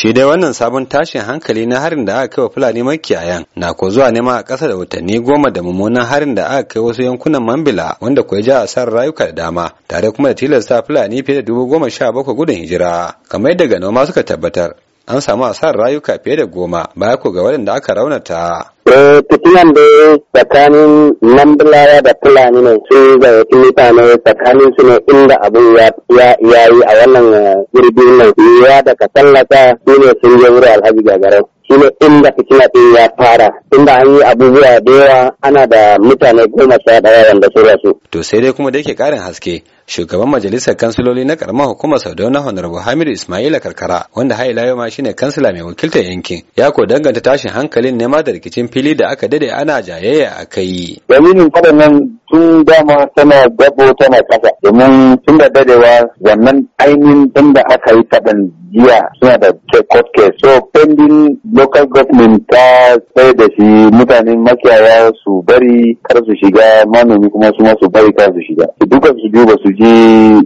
shi dai wannan sabon tashin hankali na harin da aka kai wa fulani makiyayan na ko zuwa nema a ƙasa da watanni goma da mummunan harin da aka kai wasu yankunan mambila wanda kuwa ja asar rayuka da dama tare kuma da tilasta fulani fiye da dubu goma sha bakwai gudun hijira kamar yadda ganoma suka tabbatar an samu asar rayuka fiye da goma baya ko ga waɗanda aka raunata Eh, tafiyan da tsakanin nambulawa da fulani ne sun zayyaci mutane tsakanin su ne inda abin ya yi a wannan eh, jirgin nan ya daga tallata su ne sun je wuri alhaji gagarau Su ne inda fitina ɗin ya fara inda an yi abubuwa da yawa ana da mutane goma sha daya wanda su rasu. to sai dai kuma da yake karin haske shugaban majalisar kansiloli na karamar hukumar Sadau na Honorable Hamidu Ismaila Karkara wanda haila yau ma shine kansila mai wakiltar yankin ya ko danganta tashin hankalin nema da rikicin fili da aka dade ana jayayya a kai. Dalilin kwaɗannan tun dama tana gabo tana kasa domin tun da dadewa wannan ainihin inda aka yi kaɗan jiya suna da court case so pending local government ta tsaye da shi mutanen makiyaya su bari kar su shiga manomi kuma su su bari kar su shiga su duka su ba su ji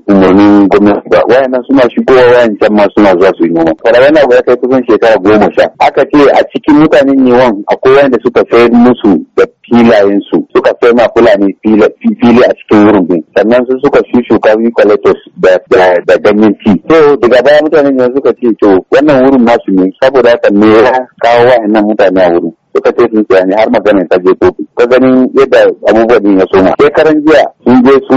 umarnin gwamnati ba wayannan suna shigowa wayancan ma suna zuwa su yi noma kwararren na ya kai kusan shekara goma sha aka ce a cikin mutanen yawan akwai wanda suka sayar musu da filayen su suka sai ma fulani fili a cikin wurin din sannan su suka shi shuka biyu collectors da ganyen ci to daga baya mutanen yanzu suka ce to wannan wurin masu ne saboda haka me ya kawo wa'annan mutane a wurin suka ce sun tsaya har maganin ta je kotu ta ganin yadda abubuwan din ya soma sai karan jiya sun je su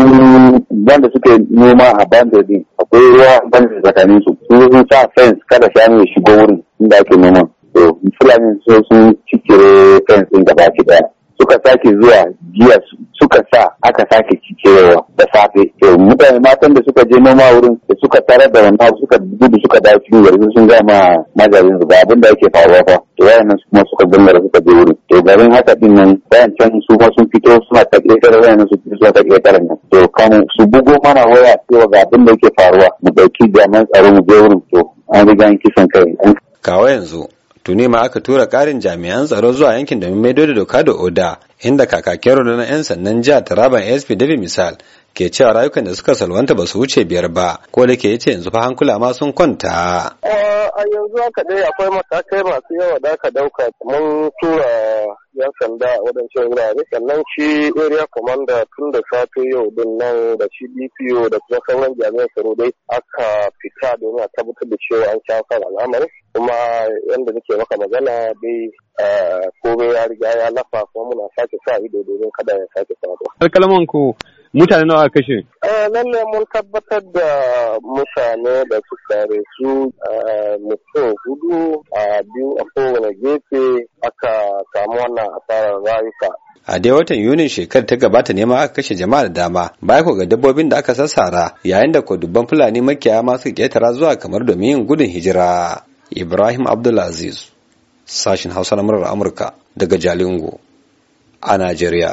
wanda suke noma a bandar din akwai ruwa bandar tsakanin su sun sun sa fence kada shanu ya shigo wurin inda ake noman to fulani sun cicire fence din gaba ki daya suka sake zuwa jiya suka sa aka sake cikewa da safe mutane matan da suka je noma wurin da suka tarar da wannan suka gudu suka dawo cikin yanzu sun gama majalin su ga abin da yake faruwa fa to wayannan kuma suka gangara suka je wurin to garin haka din nan bayan can su ma sun fito suna ta ƙetare wayannan su suna suna ta kare nan to kan su bugo mana waya cewa ga abin da yake faruwa mu dauki jami'an tsaro mu je wurin to an riga an kisan kai. Kawa yanzu tuni ma aka tura karin jami'an tsaro zuwa yankin domin maido da doka da oda inda kakakin rundunar 'yan sannan jihar taraban asp david misal ke cewa rayukan da suka salwanta ba su wuce biyar ba ko da ke yace yanzu fa hankula ma sun kwanta. a yanzu haka dai akwai matakai masu yawa da aka dauka mun tura yan sanda waɗancan wurare sannan shi area commander tun da safe yau din nan da shi dpo da kuma sauran jami'an tsaro dai aka fita domin a tabbatar da cewa an shafa al'amarin kuma yadda nake maka magana dai komai ya riga ya lafa kuma muna sake sa ido domin kada ya sake faruwa. alkalaman ku mutane nawa a kashe eh, lalle mun tabbatar da mutane da suka su eh, mutum hudu a eh, biyu a kowane gefe aka samu wannan asarar rayuka a dai watan yunin shekar ta gabata ne ma aka kashe jama'a da dama baya ko ga dabbobin da aka sassara yayin da ko dubban fulani makiyaya ma suka ƙetara zuwa kamar domin yin gudun hijira ibrahim abdulaziz sashin hausa na murar amurka daga jalingo a najeriya